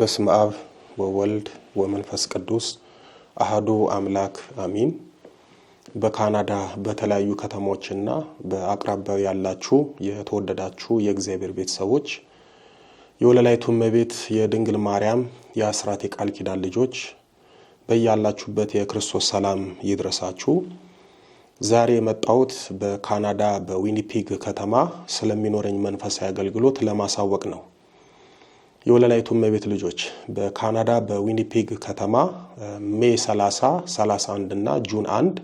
በስም አብ ወወልድ ወመንፈስ ቅዱስ አህዱ አምላክ አሚን። በካናዳ በተለያዩ ከተሞችና በአቅራቢያው ያላችሁ የተወደዳችሁ የእግዚአብሔር ቤተሰቦች፣ የወለላይቱ እመቤት የድንግል ማርያም የአስራት የቃል ኪዳን ልጆች በያላችሁበት የክርስቶስ ሰላም ይድረሳችሁ። ዛሬ የመጣሁት በካናዳ በዊኒፒግ ከተማ ስለሚኖረኝ መንፈሳዊ አገልግሎት ለማሳወቅ ነው። የወለላይቱ እመቤት ልጆች በካናዳ በዊኒፔግ ከተማ ሜ 30፣ 31 እና ጁን 1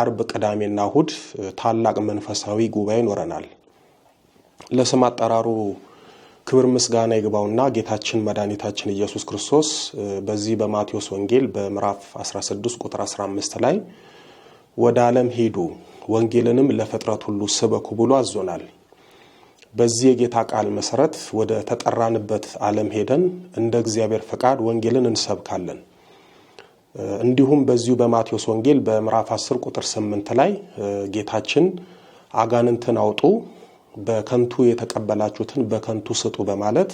አርብ፣ ቅዳሜና እሁድ ታላቅ መንፈሳዊ ጉባኤ ይኖረናል። ለስም አጠራሩ ክብር ምስጋና ይግባውና ጌታችን መድኃኒታችን ኢየሱስ ክርስቶስ በዚህ በማቴዎስ ወንጌል በምዕራፍ 16 ቁጥር 15 ላይ ወደ ዓለም ሂዱ ወንጌልንም ለፍጥረት ሁሉ ስበኩ ብሎ አዞናል። በዚህ የጌታ ቃል መሰረት ወደ ተጠራንበት ዓለም ሄደን እንደ እግዚአብሔር ፈቃድ ወንጌልን እንሰብካለን። እንዲሁም በዚሁ በማቴዎስ ወንጌል በምዕራፍ 10 ቁጥር 8 ላይ ጌታችን አጋንንትን አውጡ፣ በከንቱ የተቀበላችሁትን በከንቱ ስጡ በማለት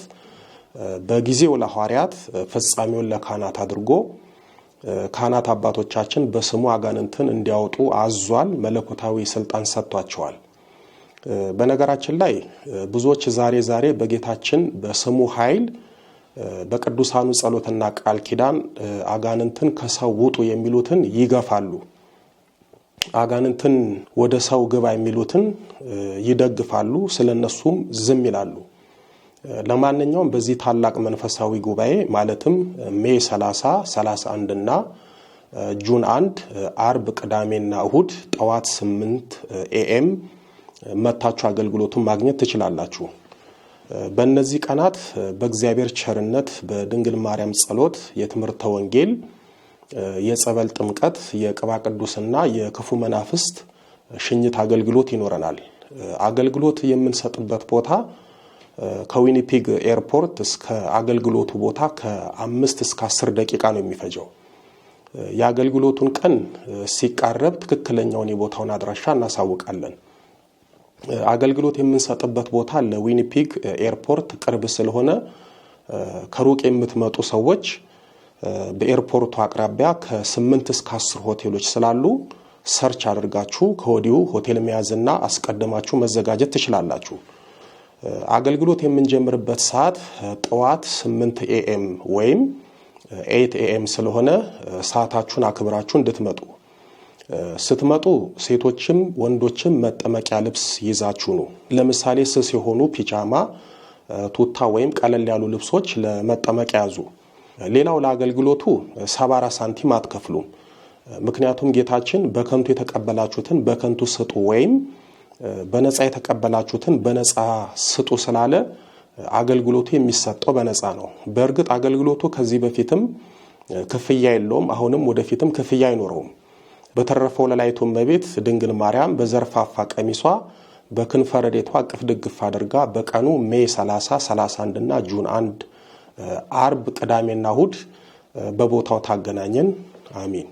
በጊዜው ለሐዋርያት ፍጻሜውን ለካህናት አድርጎ ካህናት አባቶቻችን በስሙ አጋንንትን እንዲያወጡ አዟል። መለኮታዊ ስልጣን ሰጥቷቸዋል። በነገራችን ላይ ብዙዎች ዛሬ ዛሬ በጌታችን በስሙ ኃይል በቅዱሳኑ ጸሎትና ቃል ኪዳን አጋንንትን ከሰው ውጡ የሚሉትን ይገፋሉ። አጋንንትን ወደ ሰው ግባ የሚሉትን ይደግፋሉ። ስለ እነሱም ዝም ይላሉ። ለማንኛውም በዚህ ታላቅ መንፈሳዊ ጉባኤ ማለትም ሜ 30፣ 31 እና ጁን 1 አርብ፣ ቅዳሜና እሁድ ጠዋት 8 ኤኤም መታችሁ አገልግሎቱን ማግኘት ትችላላችሁ። በእነዚህ ቀናት በእግዚአብሔር ቸርነት በድንግል ማርያም ጸሎት የትምህርተ ወንጌል፣ የጸበል ጥምቀት፣ የቅባ ቅዱስና የክፉ መናፍስት ሽኝት አገልግሎት ይኖረናል። አገልግሎት የምንሰጥበት ቦታ ከዊኒፒግ ኤርፖርት እስከ አገልግሎቱ ቦታ ከአምስት እስከ አስር ደቂቃ ነው የሚፈጀው። የአገልግሎቱን ቀን ሲቃረብ ትክክለኛውን የቦታውን አድራሻ እናሳውቃለን። አገልግሎት የምንሰጥበት ቦታ አለ። ዊኒፒግ ኤርፖርት ቅርብ ስለሆነ ከሩቅ የምትመጡ ሰዎች በኤርፖርቱ አቅራቢያ ከስምንት እስከ አስር ሆቴሎች ስላሉ ሰርች አድርጋችሁ ከወዲሁ ሆቴል መያዝና አስቀድማችሁ መዘጋጀት ትችላላችሁ። አገልግሎት የምንጀምርበት ሰዓት ጠዋት 8 ኤኤም ወይም ኤይት ኤኤም ስለሆነ ሰዓታችሁን አክብራችሁ እንድትመጡ ስትመጡ ሴቶችም ወንዶችም መጠመቂያ ልብስ ይዛችሁ ነው። ለምሳሌ ስስ የሆኑ ፒጃማ፣ ቱታ ወይም ቀለል ያሉ ልብሶች ለመጠመቂያ ያዙ። ሌላው ለአገልግሎቱ ሰባ አራት ሳንቲም አትከፍሉም። ምክንያቱም ጌታችን በከንቱ የተቀበላችሁትን በከንቱ ስጡ ወይም በነፃ የተቀበላችሁትን በነፃ ስጡ ስላለ አገልግሎቱ የሚሰጠው በነፃ ነው። በእርግጥ አገልግሎቱ ከዚህ በፊትም ክፍያ የለውም፣ አሁንም ወደፊትም ክፍያ አይኖረውም። በተረፈው ለላይቱ እመቤት ድንግል ማርያም በዘርፋፋ ቀሚሷ በክንፈ ረድኤቷ ድግፍ አድርጋ በቀኑ ሜይ 30፣ 31 እና ጁን 1 አርብ፣ ቅዳሜና እሁድ በቦታው ታገናኘን። አሚን